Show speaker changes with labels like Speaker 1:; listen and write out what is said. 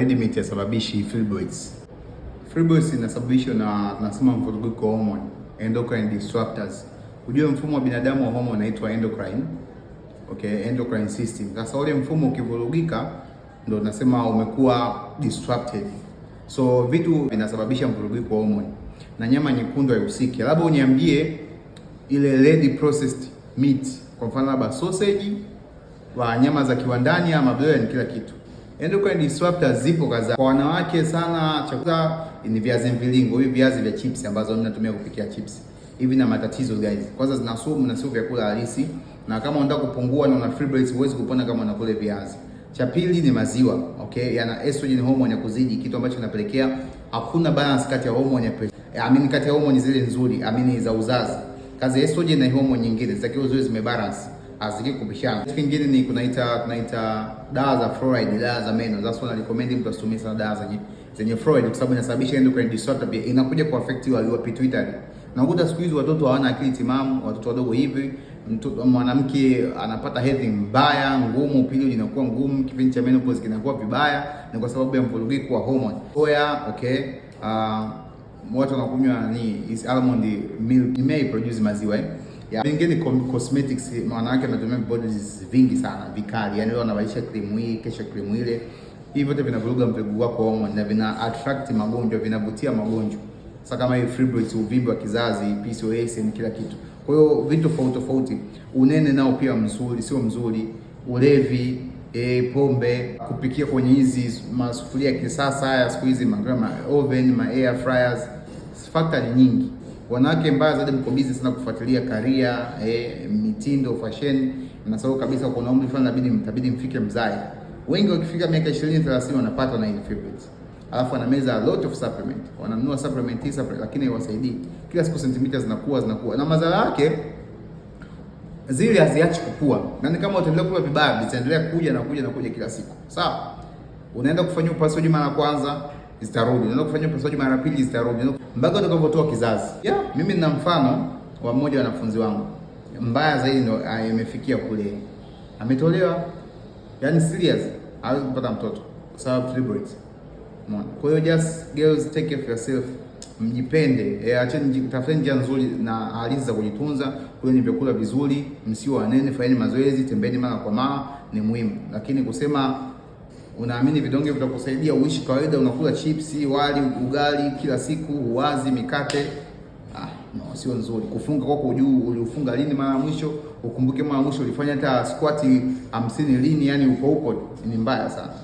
Speaker 1: red meat hasababishi fibroids. Fibroids inasababishwa na tunasema mvurugiko wa hormone, endocrine disruptors. Ujue mfumo wa binadamu wa hormone unaitwa endocrine. Okay, endocrine system. Sasa ule mfumo ukivurugika ndio tunasema umekuwa disrupted. So vitu vinasababisha mvurugiko wa hormone. Na nyama nyekundu haihusiki. Labda uniambie ile red processed meat, kwa mfano labda sausage wa nyama za kiwandani ama blend, kila kitu Yaani kwa ni swapta zipo kadhaa. Kwa wanawake sana chakula ni viazi mviringo, hivi viazi vya chips ambazo mnatumia kupikia chips. Hivi na matatizo guys. Kwanza zina sumu na sio vyakula halisi. Na kama unataka kupungua na una fibroids huwezi kupona kama unakula viazi. Cha pili ni maziwa, okay? Yana estrogen hormone ya kuzidi, kitu ambacho kinapelekea hakuna balance kati ya hormone ya pressure. I mean kati ya hormone zile nzuri, I mean za uzazi. Kazi ya estrogen na hormone nyingine zitakiwa ziwe zimebalance haziki kubishana. Kitu kingine ni kunaita tunaita dawa za fluoride, dawa za meno. That's why I recommend mtu asitumie sana dawa zenye zenye fluoride kwa sababu inasababisha endocrine disorder, pia inakuja ku affect wa walio pituitary. Na Nakuta siku hizi watoto hawana akili timamu, watoto wadogo hivi, mwanamke anapata hedhi mbaya, ngumu, period inakuwa ngumu, kipindi cha menopause kinakuwa vibaya, ni kwa sababu ya mvurugiko wa hormone. Oya, okay. Uh, watu wanakunywa ni is almond milk, ime produce maziwa eh ya wengine cosmetics, maana yake wanatumia vipodozi vingi sana vikali, yani leo wanabadilisha cream hii, kesha cream ile. Hivi vyote vinavuruga mbegu wako hormone na vina attract magonjwa, vinavutia magonjwa. Sasa kama hii fibroids, uvimbe wa kizazi, PCOS na kila kitu. Kwa hiyo vitu tofauti tofauti, unene nao pia mzuri sio mzuri, ulevi E, pombe, kupikia kwenye hizi masufuria ya kisasa ya siku hizi, ma oven, ma air fryers, factor nyingi. Wanawake mbaya zaidi mko busy sana kufuatilia karia eh, mitindo, fashion. na sababu kabisa kuna umri fulani inabidi mtabidi mfike mzae. Wengi wakifika miaka 20 30 wanapata na hii fibroids. Alafu wanameza a lot of supplement. Wananunua supplement hii supplement lakini haiwasaidii. Kila siku sentimita zinakuwa zinakuwa. Na madhara yake zile haziachi kukua. Na ni kama utaendelea kula vibaya, zitaendelea kuja na kuja na kuja kila siku. Sawa? Unaenda kufanya upasuaji mara kwanza, zitarudi, unaweza kufanya upasuaji mara pili, zitarudi mpaka utakapotoa kizazi. Yeah, mimi nina mfano wa mmoja wa wanafunzi wangu, mbaya zaidi ndo ah, imefikia kule ametolewa, yani serious, hawezi kupata mtoto kwa sababu fibroids. Kwa hiyo just girls take care of yourself, mjipende, E, acheni, tafuteni njia nzuri na halisi za kujitunza. ni vyakula vizuri, msio wanene, fanyeni mazoezi, tembeni mara kwa mara, ni muhimu, lakini kusema unaamini vidonge vitakusaidia uishi kawaida, unakula chipsi, wali, ugali kila siku, uwazi, mikate. Ah, no, sio nzuri. Kufunga kwako juu, uliufunga lini mara ya mwisho? Ukumbuke mara mwisho ulifanya hata squat 50 lini? Yani uko uko, ni mbaya sana.